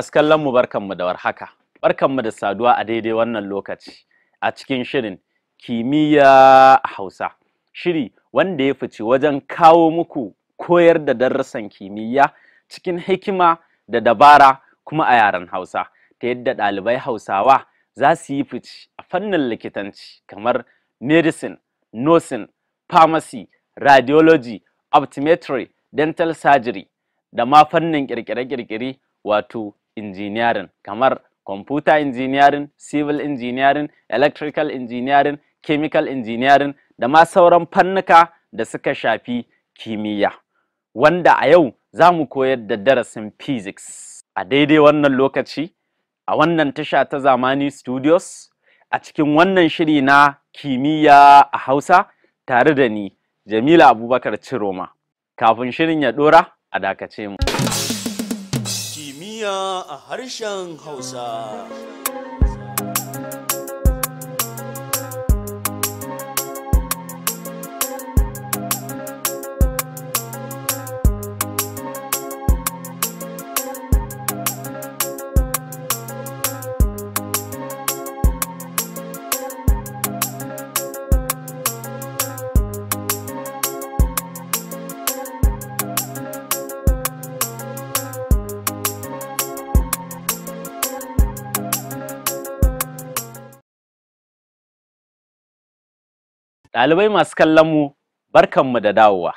Masu kallon mu barkanmu da warhaka. Barkanmu da saduwa a daidai wannan lokaci a cikin shirin kimiyya a Hausa. Shiri wanda ya fice wajen kawo muku koyar da darussan kimiyya cikin hikima da dabara kuma a yaren Hausa ta yadda ɗalibai Hausawa za su yi fice a fannin likitanci kamar medicine, nursing, pharmacy, radiology, optometry, dental surgery da ma fannin kirkire-kirkire wato engineering kamar computer engineering civil engineering electrical engineering chemical engineering da ma sauran fannuka da suka shafi kimiyya wanda a yau za mu koyar da darasin physics a daidai wannan lokaci a wannan tasha ta zamani studios a cikin wannan shiri na kimiyya a hausa tare da ni jamila abubakar ciroma kafin shirin ya ɗora a dakace mu duniya a harshen Hausa. Ɗalibai masu kallon mu barkanmu da dawowa.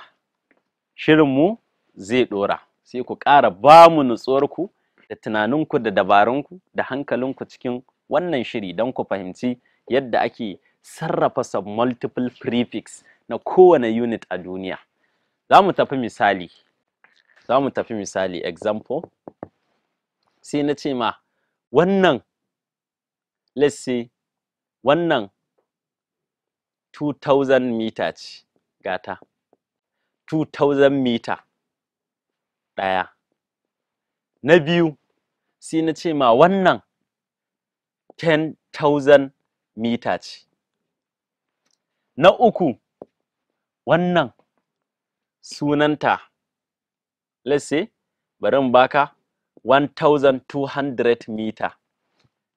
shirin mu zai ɗora, sai ku ƙara ba mu nutsuwarku da tunaninku da dabarunku da hankalinku cikin wannan shiri don ku fahimci yadda ake sarrafa sub multiple prefix na kowane unit a duniya. Za mu tafi misali, za mu tafi misali example, sai na ce ma wannan let's say wannan 2000 mita ce gata 2000 mita ɗaya na biyu sai na ce ma wannan 10,000 mita ce na uku wannan sunanta let's say bari in baka 1200 mita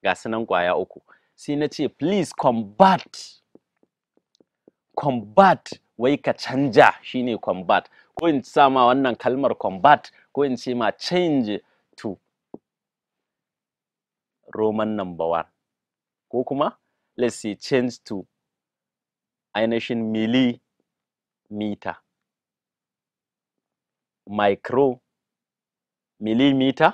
ga sunan kwaya uku sai na ce please combat combat wai ka canja shine combat ko in sa ma wannan kalmar combat ko in ce ma change to roman number one ko kuma let's say change to ainihin millimeter micro millimeter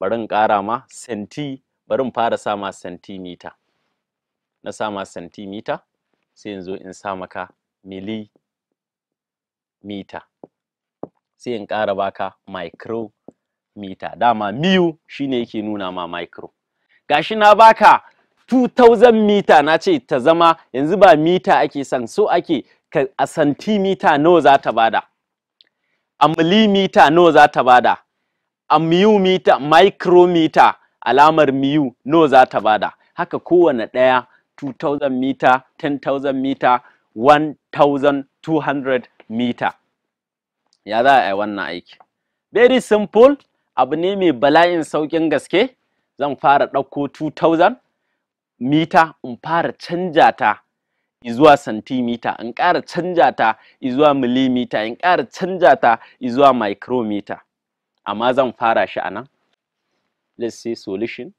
bari in ƙara ma centi bari in fara sama centimeter na sama centimeter sai in zo in sa maka milimita sai in ƙara baka micrometer dama miyu shine yake nuna ma micro gashi na baka 2000 mita na ce ta zama yanzu ba mita ake san so ake a santimita nawa za ta bada a milimita nawa za ta bada a miyu mita micrometer alamar miyu nawa za ta bada haka kowane ɗaya 2000 meter, 10,000 meter, 1200 meter. Ya za a yi wannan aiki. Very simple, abu ne mai bala'in saukin gaske, zan fara ɗauko 2000 mita in fara canja ta izuwa santimita, in ƙara canja ta izuwa milimita, in ƙara canja ta izuwa micrometer. Amma zan fara shi a nan. Let's see solution.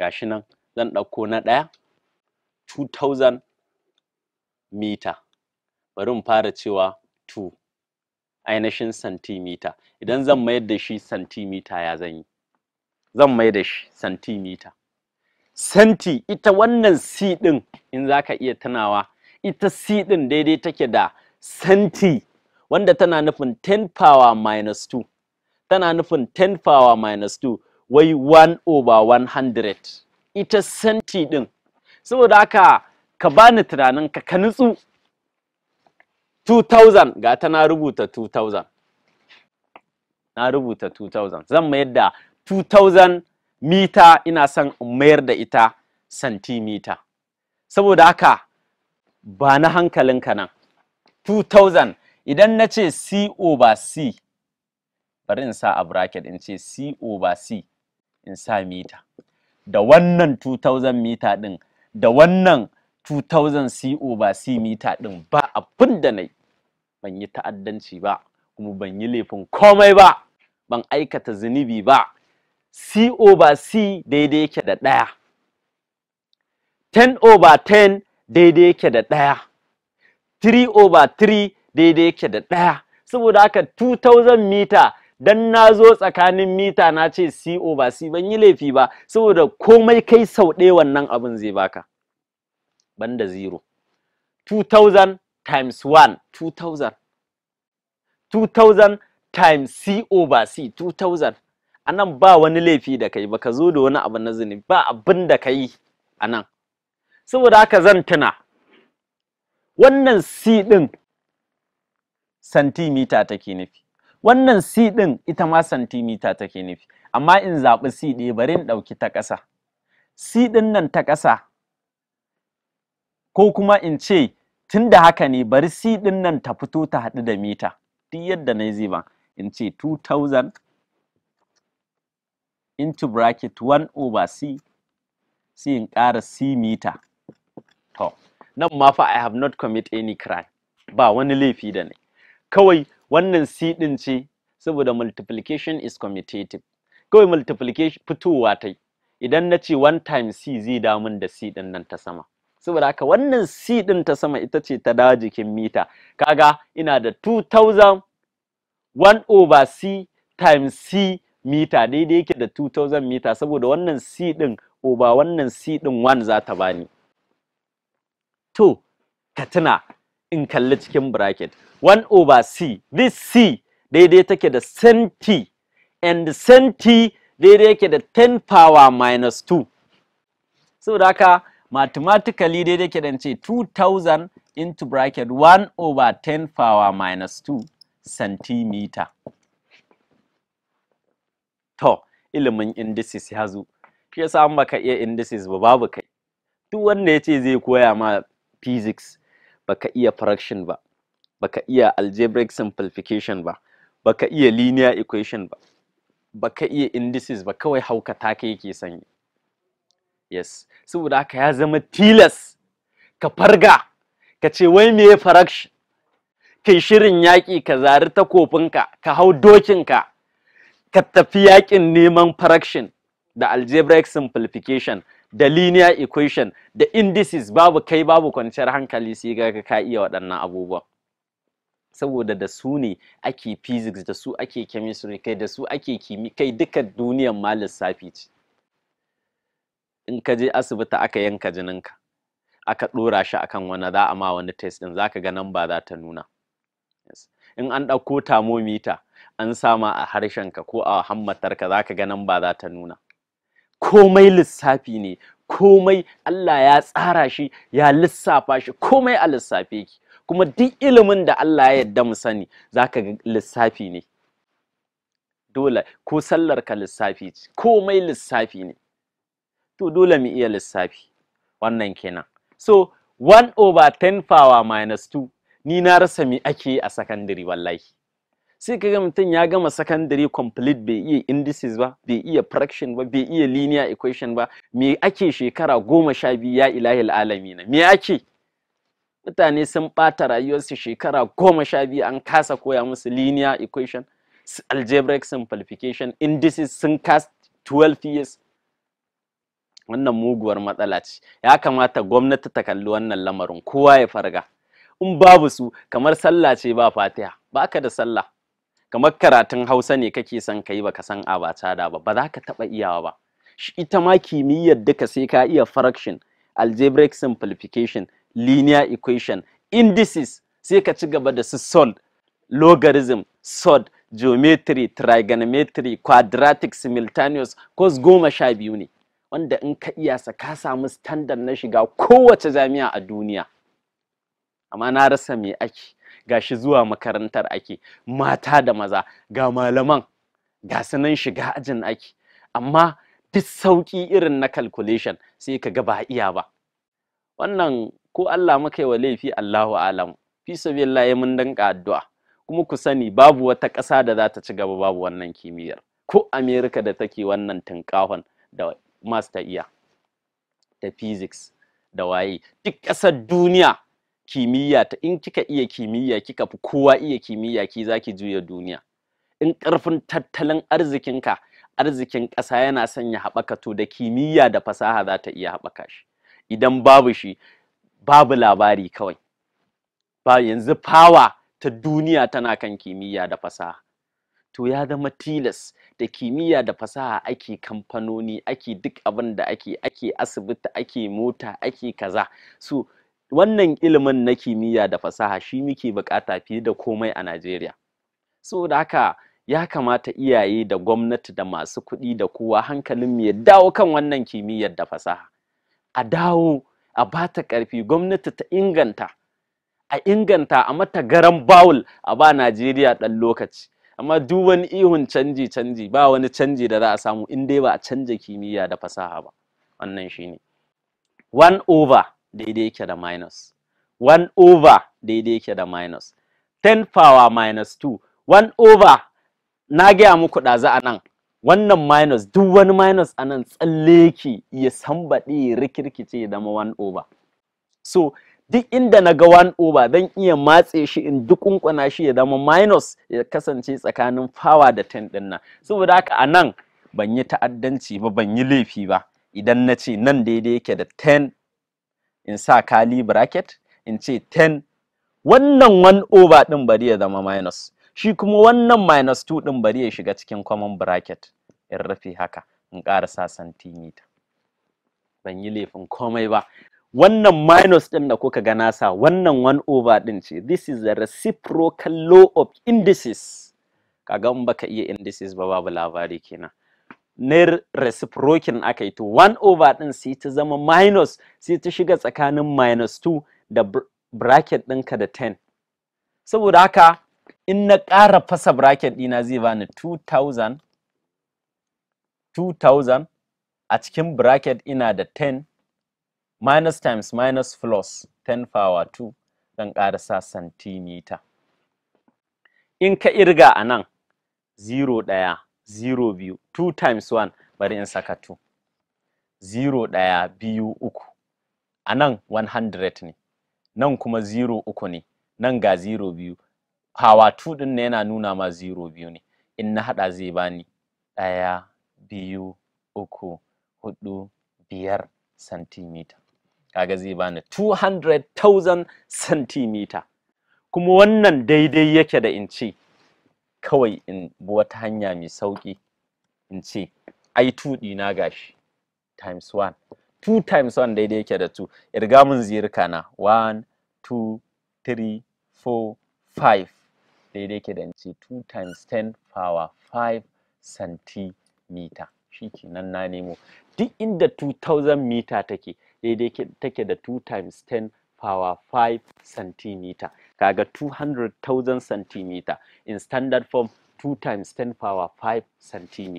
Gashi nan. zan ɗauko na ɗaya 2000 mita bari in fara cewa 2 ainihin santimita idan zan mayar da shi santimita ya zan yi zan mai da shi santimita Senti ita wannan siɗin, ɗin in za ka iya tunawa ita siɗin ɗin daidai take da senti, wanda tana nufin 10 power minus 2 tana nufin 10 power minus 2 wai 1 over 100 ita santi ɗin saboda haka ka bani tunanin ka ka nutsu 2000 ga ta na rubuta 2000 na rubuta 2000 zan mayar da 2000 mita ina son in mayar da ita santimita saboda haka ba na hankalinka nan 2000 idan na ce c over c bari in sa a bracket in ce c over c in sa mita da wannan 2000 mita ɗin, da wannan 2000 co ba c mita ɗin ba abin da na yi ban yi ta'addanci ba kuma ban yi laifin komai ba ban aikata zunubi ba co ba c daidai yake da ɗaya 10 over 10 daidai yake da ɗaya 3 over 3 daidai yake da ɗaya saboda haka 2000 mita dan na zo tsakanin mita na ce C over C ban yi laifi ba saboda komai kai sau ɗaya wannan abin zai baka banda zero 2000 times 1 2000 2000 times C over C 2000 anan ba wani laifi da kai baka zo da wani abu na zunubi ba abin da kai anan saboda haka zan tuna wannan C din santimita take nufi wannan C ɗin ita ma santimita take nufi amma in zaɓi C ɗaya bari in ɗauki ta ƙasa C ɗin nan ta ƙasa ko kuma in ce tun da haka ne bari C ɗin nan ta fito ta haɗu da mita duk yadda na yi ba in ce 2000 into bracket 1 over C sai in ƙara C mita to nan ma fa I have not commit any crime ba wani laifi da ne kawai wannan c din ce saboda multiplication is commutative kawai multiplication fitowa ta idan na ce 1 times c zai damun da c din nan ta sama saboda haka wannan c din ta sama ita ce ta dawo jikin mita kaga ina da 2000 1 over c times c mita daidai yake da 2000 mita saboda wannan c din over wannan c din 1 za ta bani to ka tuna in kalli cikin bracket 1 over c this c daidai take da centi and centi daidai yake da 10 power minus 2 saboda haka mathematically daidai yake da ce 2000 into bracket 1 over 10 power minus 2 centimeter to ilimin indices ya zo shi yasa an baka iya indices ba babu kai duk wanda ya ce zai koya ma physics baka iya fraction ba baka iya algebraic simplification ba baka iya linear equation ba baka iya indices ba kawai hauka taka yake sanyi yes saboda haka ya zama tilas ka farga ka ce wai me fraction kai shirin yaƙi ka zari ta takofinka ka hau dokinka ka tafi yaƙin neman fraction da algebraic simplification da linear equation da indices babu kai babu kwanciyar hankali sai ga ka iya waɗannan abubuwa saboda da su ne ake physics da su ake chemistry kai da su ake kimi kai duka duniyar ma lissafi ce in ka je asibiti aka yanka jininka aka ɗora shi akan wani za a ma wani test ɗin zaka ga nan ba za ta nuna in an ɗauko thermometer an sama a harshenka ko a hammatarka zaka ga nan ba za ta nuna komai lissafi ne komai Allah ya tsara shi ya lissafa shi komai a lissafe ki kuma duk ilimin da Allah ya yarda mu sani zaka ga lissafi ne dole ko sallar ka lissafi ce komai lissafi ne to dole mu iya lissafi wannan kenan so 1 over 10 power minus 2 ni na rasa me ake a secondary wallahi sai kaga mutum ya gama secondary complete bai iya indices ba bai iya fraction ba bai iya linear equation ba me ake shekara goma sha biyu ya ilahil na me ake mutane sun ɓata rayuwarsu shekara goma sha biyu an kasa koya musu linear equation algebraic simplification indices sun cast 12 years wannan muguwar matsala ce ya kamata gwamnati ta kalli wannan lamarin kowa ya farga in babu su kamar sallah ce ba fatiha baka da sallah kamar karatun hausa ne kake son ka ba ka san abaca da ba ba za ka taɓa iyawa ba ita ma kimiyyar duka sai ka iya fraction algebraic simplification linear equation indices sai ka ci gaba da su sol logarithm sod geometry trigonometry quadratic simultaneous course goma sha biyu ne wanda in ka iyasa ka samu standard na shiga kowace jami'a a duniya amma na rasa me ake Ga shi zuwa makarantar ake mata da maza ga malaman ga sanan shiga ajin ake amma duk sauƙi irin na calculation sai ka ga ba iya ba wannan ko Allah muka yi wa laifi Allahu alam fi sabilillah mun danka addu'a kuma ku sani babu wata ƙasa da za ta ci gaba babu wannan kimiyyar ko Amerika da take wannan tunƙahon da master iya da physics da waye duk ƙasar duniya kimiyya ta in kika iya kimiyya kika fi kowa iya kimiyya ki zaki juya duniya in ƙarfin tattalin arzikinka arzikin ƙasa yana sanya haɓaka to da kimiyya da fasaha za ta iya haɓaka shi idan babu shi babu labari kawai ba yanzu fawa ta duniya tana kan kimiyya da fasaha to ya zama tilas da kimiyya da fasaha ake kamfanoni ake duk abin da ake ake asibiti ake mota ake kaza so wannan ilimin na kimiyya da fasaha shi muke bukata fiye da komai a Najeriya saboda haka ya kamata iyaye da gwamnati da masu kuɗi da kowa hankalin mu ya dawo kan wannan kimiyyar da fasaha a dawo a bata ƙarfi gwamnati ta inganta a inganta a mata garan bawul a ba Najeriya ɗan lokaci amma duk wani ihun canji canji ba wani canji da za a samu in dai ba a canja kimiyya da fasaha ba wannan shine one over daidai yake da minus 1 over daidai yake da minus 10 power minus 2 1 over na gaya muku ɗazu a nan wannan minus duk wani minus a nan tsalle ki ya san ya rikirkice ya zama 1 over so duk inda na ga 1 over zan iya matse shi in kunkuna shi ya zama minus ya kasance tsakanin power da ten ɗin nan saboda haka a nan ban yi ta'addanci ba ban yi laifi ba idan na ce nan daidai yake da ten. in sa kali bracket in ce 10 wannan 1 over ɗin bari ya zama minus shi kuma wannan minus 2 ɗin bari ya shiga cikin common bracket in rufe haka in ƙarasa centimeter ban yi laifin komai ba wannan minus ɗin da kuka ga nasa wannan 1 over ɗin ce this is the reciprocal law of indices kaga in baka iya indices ba babu labari kenan na reciprokin aka yi to 1 over din sai ta zama minus sai ta shiga tsakanin minus 2 da bracket ɗinka da ten, saboda haka in na ƙara fasa bracket ɗina zai bani 2000 2000 a cikin bracket ina da ten minus times minus plus 10 power 2 zan ƙara sa centimeter in ka irga a nan 0 ɗaya zero biyu two times one bari in saka two zero daya biyu uku a nan one hundred ne nan kuma zero uku ne nan ga zero biyu hawa two ne yana nuna ma zero biyu ne in na haɗa zai bani ɗaya biyu uku hudu biyar centimeter kaga zai bani two hundred thousand centimeter kuma wannan daidai yake da in ce kawai in bi wata hanya mai sauƙi in ce ai 2 ɗina gashi times 1 2 times 1 daidai yake da 2 irga mun zirka na 1 2 3 4 5 daidai yake da ce 2 times 10 power 5 centimeter shi kenan na nemo duk inda 2000 meter take daidai take da 2 times 10 power 5 centimeter kaga 200,000 cm in standard form 2 times 10 power 5 cm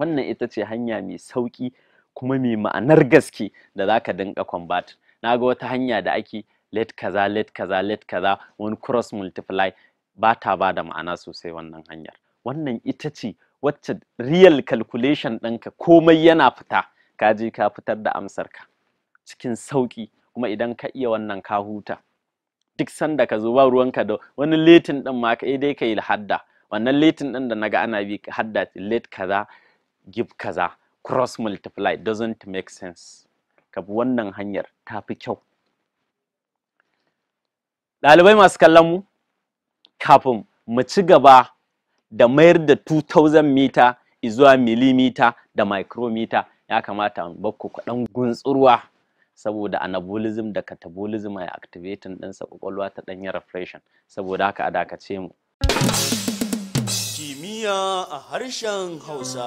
wannan ita ce hanya mai sauki kuma mai ma'anar gaske da za ka dinka combat na ga wata hanya da ake let kaza let kaza let kaza wani cross multiply ba ta ba da ma'ana sosai wannan hanyar wannan ita ce wacce real calculation ɗinka komai yana fita ka je ka fitar da amsarka cikin sauƙi kuma idan ka iya wannan ka huta duk sanda ka zo ba ruwanka da wani letin ɗin ma kai dai kai hadda wannan letin ɗin da naga ana bi hadda late kaza give kaza cross multiply doesn't make sense ka bi wannan hanyar ta fi kyau ɗalibai masu kallon mu kafin mu ci gaba da mayar da 2000 mita zuwa milimita da micrometer ya kamata bakku kuɗan gunsurwa saboda anabolism da catabolism ya din ɗinsa kwakwalwa ta ɗanyi refreshion saboda haka a dakace mu kimiyya a harshen hausa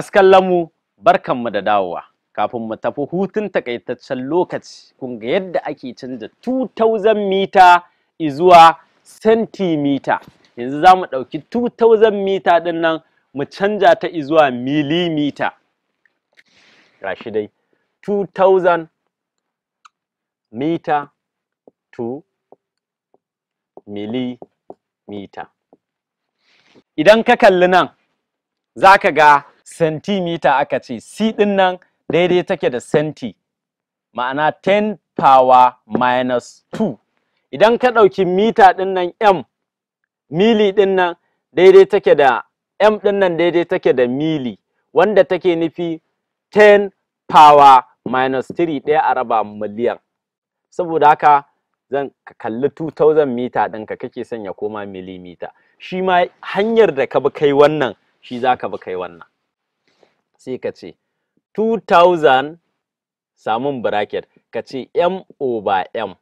askallanmu barkan mu barkanmu da dawowa. Kafin mu tafi hutun takaitaccen lokaci, kun ga yadda ake canza 2000 mita izuwa sentimita. Yanzu za mu ɗauki 2000 mita ɗin nan mu canja ta izuwa milimita. Gashi dai 2000 mita to milimita. Idan ka kalli nan, za ka ga centimeter aka ce c din nan daidai take da centi ma'ana 10 power minus 2 idan ka ɗauki mita din nan m mili din nan daidai take da m din nan daidai take da mili wanda take nufi 10 power minus 3 ɗaya a raba miliyan saboda haka zan kalli 2000 mita ɗinka kake sanya koma milimita shi ma hanyar da ka bi kai wannan shi za ka bi kai wannan sai ka ce 2000 samun bracket ka ce m over m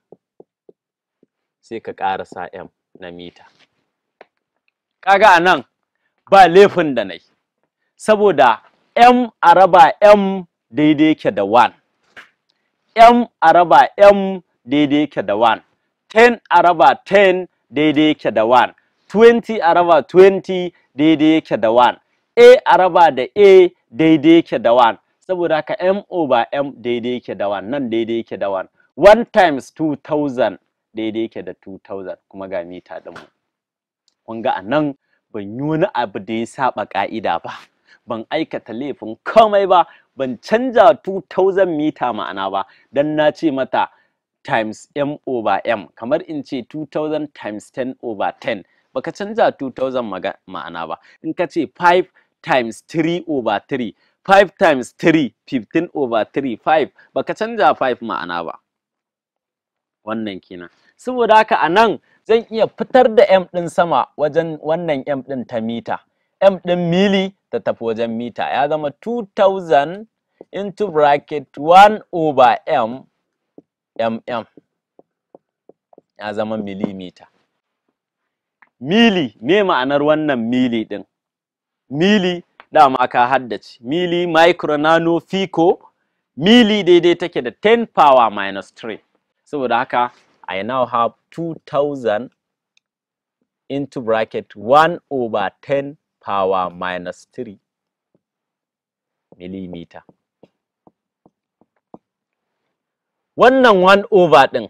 sai ka ƙarasa m na mita kaga a nan ba laifin da nai saboda m a raba m daidai yake da 1 m a raba m daidai yake da 1 10 a raba 10 daidai yake da 1 20 a raba 20 daidai yake da 1 a a raba da a daidai yake da 1 saboda haka m over m daidai yake da 1 nan daidai yake da 1 1 times 2000 daidai yake da 2000 kuma ga mita din mu kun ga anan ban yi wani abu da ya saba ka'ida ba ban aikata laifin komai ba ban canja 2000 mita ma'ana ba dan na ce mata times m over m kamar in ce 2000 times 10 over 10 baka canja 2000 ma'ana ba in ka ce 5 times 3 over 3 5 times 3 15 over 3 5 baka canja 5 ma'ana ba wannan kenan saboda haka a nan zan iya fitar da m ɗin sama wajen wannan m ɗin ta mita m ɗin mili ta tafi wajen mita ya zama 2000 into bracket 1 over m mm ya zama milimita mili me ma'anar wannan mili ɗin mili dama ka haddace mili micro nano fico mili daidai take da 10 power minus 3 saboda haka i now have 2000 into bracket 1 over 10 power minus 3 millimeter wannan 1 over din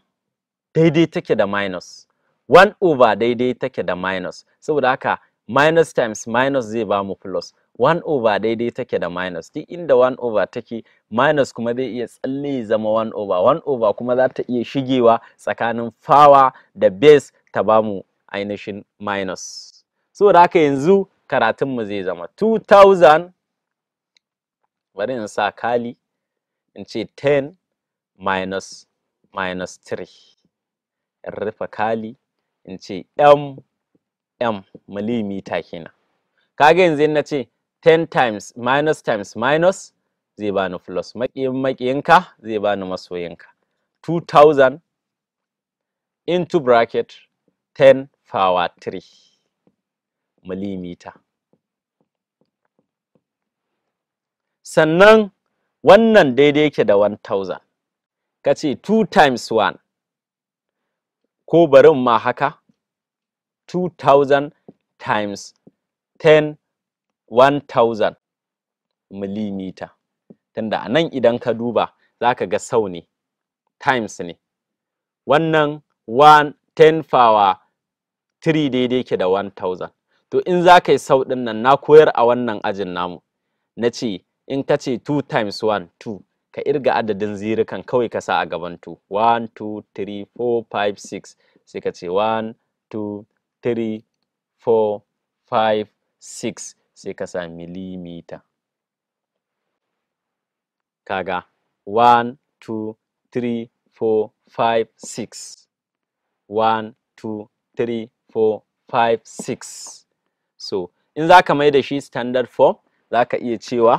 daidai take da minus 1 over daidai take da minus saboda haka minus times minus zai ba mu plus 1 over daidai take da minus duk inda 1 over take minus kuma zai iya tsalle zama 1 over 1 over kuma za ta iya shigewa tsakanin power da base ta ba mu ainihin minus so da haka yanzu karatun mu zai zama 2000 bari in sa kali in ce 10 minus minus 3 in rufe kali in ce m m millimeter kenan kaga yanzu na ce 10 times minus times minus zai bani plus makiyin maƙiyinka zai bani masoyinka 2000 into bracket 10 power 3 millimeter sannan wannan daidai yake da 1000 kace 2 times 1 ko barin ma haka 2000 times 10 1000 millimeter tunda a nan idan ka duba za ka ga sau ne times ne wannan 1 10 power 3 daidai ke da 1000 to in za ka yi sau din nan na koyar a wannan ajin namu na ce in ka ce 2 times 1 2 ka irga adadin zirukan kawai ka sa a gaban 2 1 2 3 4 5 6 sai ka ce 1 2 3 4 5 6 sai ka sa millimeter kaga 1 2 3 4 5 6 1 2 3 4 5 6 so in za ka mai da shi standard form za ka iya cewa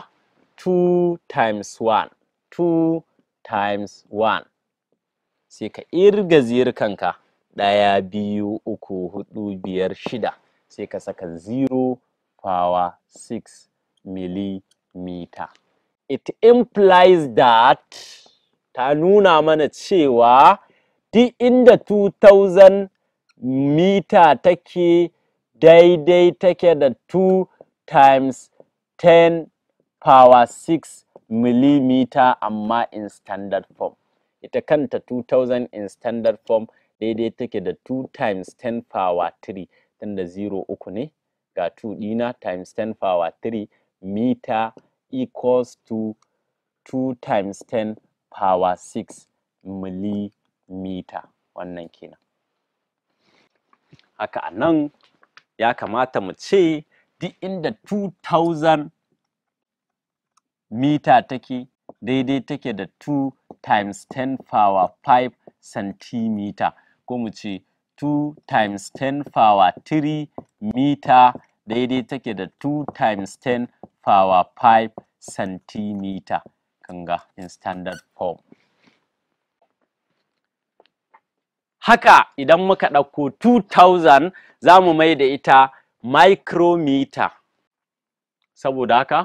2 times 1 2 times 1 sai ka irga ziyar kanka ɗaya biyu uku huɗu biyar shida sai ka saka 0 power 6 millimeter it implies that ta nuna mana cewa duk inda 2000 mita take daidai take da 2 times 10 power 6 millimeter amma in standard form ita kanta 2000 in standard form daidai take da 2 times 10 power 3 tunda 0 uku ne ga 2 dina times 10 power 3 meter equals to 2 times 10 power 6 millimeter wannan kenan haka anan nan ya kamata mu ce duk inda 2000 mita take daidai take da 2 times 10 power 5 centimeter ko mu ce 2 times 10 power 3 meter daidai take da 2 times 10 power 5 centimeter kanga in standard form haka idan muka ɗauko 2000 za mu mai da ita micrometer saboda haka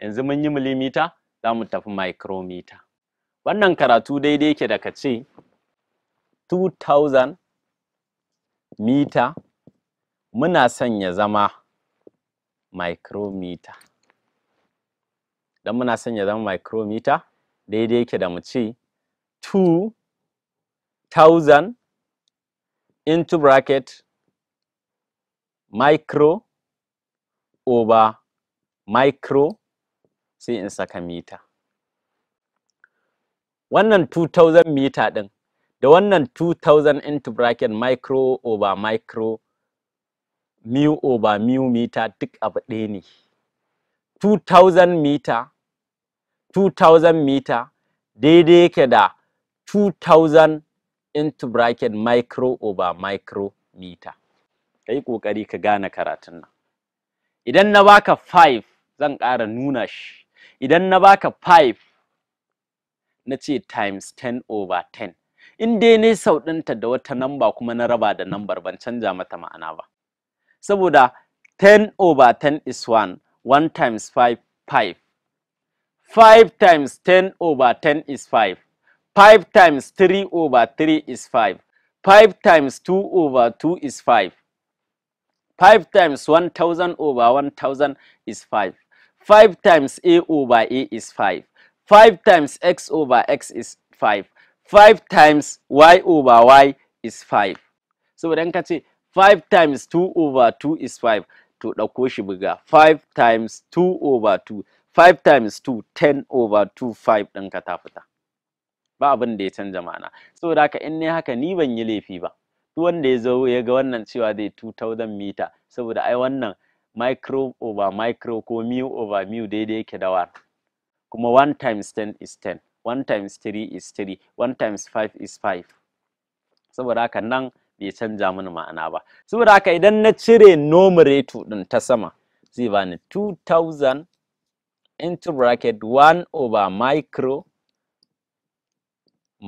yanzu mun yi millimeter za mu tafi micrometer wannan karatu daidai yake da ka ce 2000 mita muna son ya zama micrometer dan muna son ya zama micrometer daidai yake da mu ce 2000 into bracket micro over micro sai in saka mita wannan 2000 mita din da wannan 2000 into bracket micro over micro mu over mu meter duk abu ɗaya ne 2000 meter 2000 meter daidai yake da 2000 into bracket micro over micro meter ka yi ƙoƙari ka gane karatun nan idan na baka 5 zan ƙara nuna shi idan na baka 5 na ce times 10 over 10 in dai ne sau ɗinta da wata namba kuma na raba da nambar ban canja mata ma'ana ba saboda 10 over 10 is 1 1 times 5 5 5 times 10 over 10 is 5 5 times 3 over 3 is 5 5 times 2 over 2 is 5 5 times 1000 over 1000 is 5 5 times a over a is 5 5 times x over x is 5 5 times y over y is 5 So, in ka ce 5 times 2 over 2 is 5 to ɗauko shi buga 5 times 2 over 2 5 times 2 10 over 2 5 ɗinka ta fita ba abin da ya canja ma'ana saboda haka in ne haka ni ban yi laifi ba duk wanda ya zo ya ga wannan cewa zai 2000 mita saboda ai wannan micro over micro ko mu over mu daidai yake da 1 kuma 1 times 10 is 10 one times three is three one times five is five. saboda haka nan bai canja mini ma'ana ba saboda haka idan na cire numerator din ta sama zai ni 2000 into bracket 1 over micro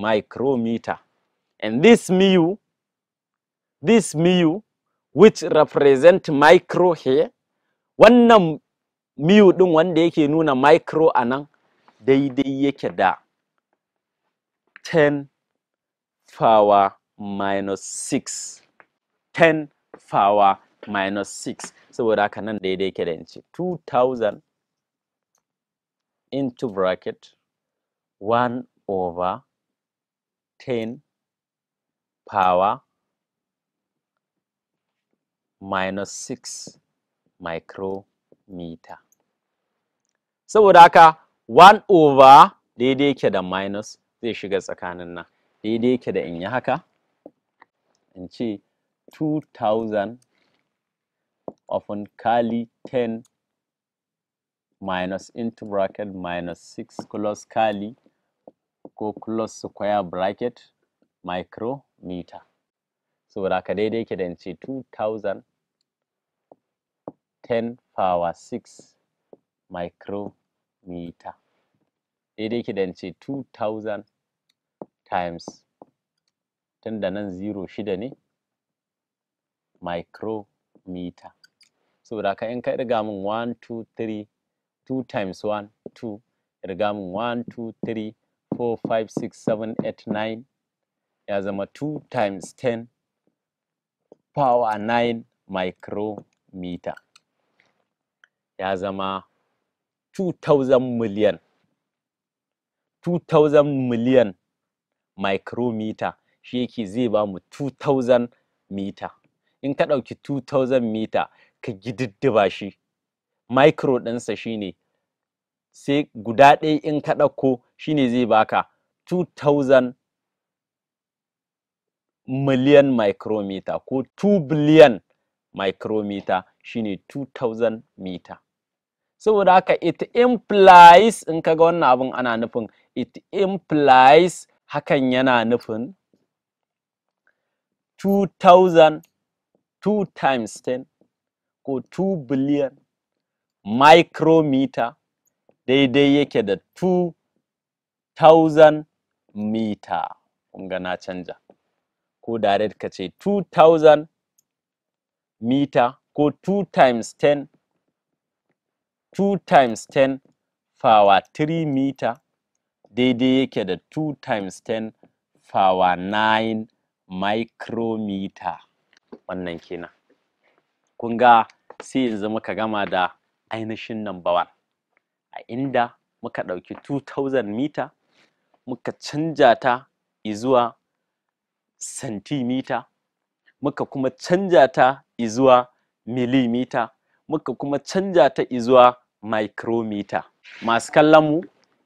micrometer and this mu this mu which represent micro here wannan mu din wanda yake nuna micro anan daidai yake da 10 power minus 6 10 power minus 6 saboda haka nan daidai yake da in 2000 into bracket 1 over 10 power minus 6 micrometer saboda haka 1 over daidai yake da minus zai shiga tsakanin nan daidai ke da in yi haka in ce 2000 upon kali 10 minus into bracket minus 6 close kali ko close square bracket micrometer saboda ka daidai ke da in ce 2000 10 power 6 micrometer daidai ke da in ce 2000 times tun da nan 06 ne micrometer saboda ka in ka irga min 1 2 3 2 times 1 2 irga min 1 2 3 4 5 6 7 8 9 ya zama 2 times 10 power 9 micrometer ya zama 2000 million 2000 million micrometer shi yake zai ba mu 2000 meter in ka ɗauki 2000 meter ka gididdiba shi micro ɗinsa shine sai guda ɗaya in ka ɗauko shine zai baka 2000 million micrometer ko 2 billion micrometer shine 2000 meter saboda haka it implies in kaga wannan abin ana nufin it implies hakan yana nufin 2000 2 times 10 ko 2 billion micrometer daidai yake da 2000 meter kunga na canja ko direct ka ce 2000 meter ko 2 times 10 2 times 10 power 3 meter daidai yake da 2 times 10 power 9 micrometer wannan kenan kun ga sai yanzu muka gama da ainihin number 1 a inda muka dauki 2000 meter muka canja ta izuwa centimeter muka kuma canja ta izuwa millimeter muka kuma canja ta izuwa micrometer masu kallon mu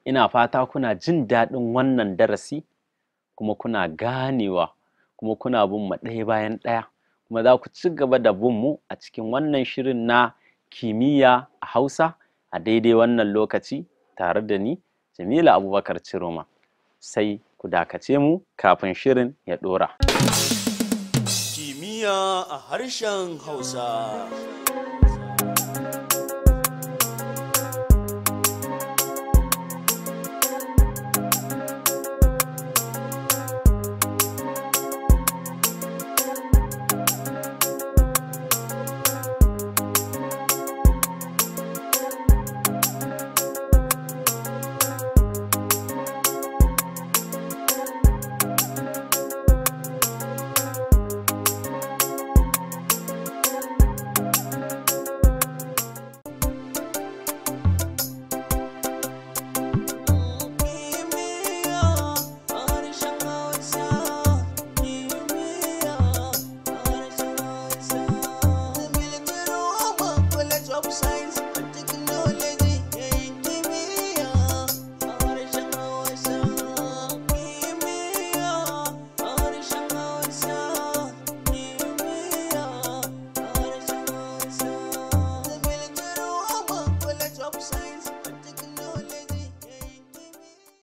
ina fata kuna jin daɗin wannan darasi kuma kuna ganewa kuma kuna bin mu ɗaya bayan ɗaya kuma za ku ci gaba da bin mu a cikin wannan shirin na kimiyya a hausa a daidai wannan lokaci tare da ni jamila abubakar ciroma sai ku dakace mu kafin shirin ya ɗora kimiyya a harshen hausa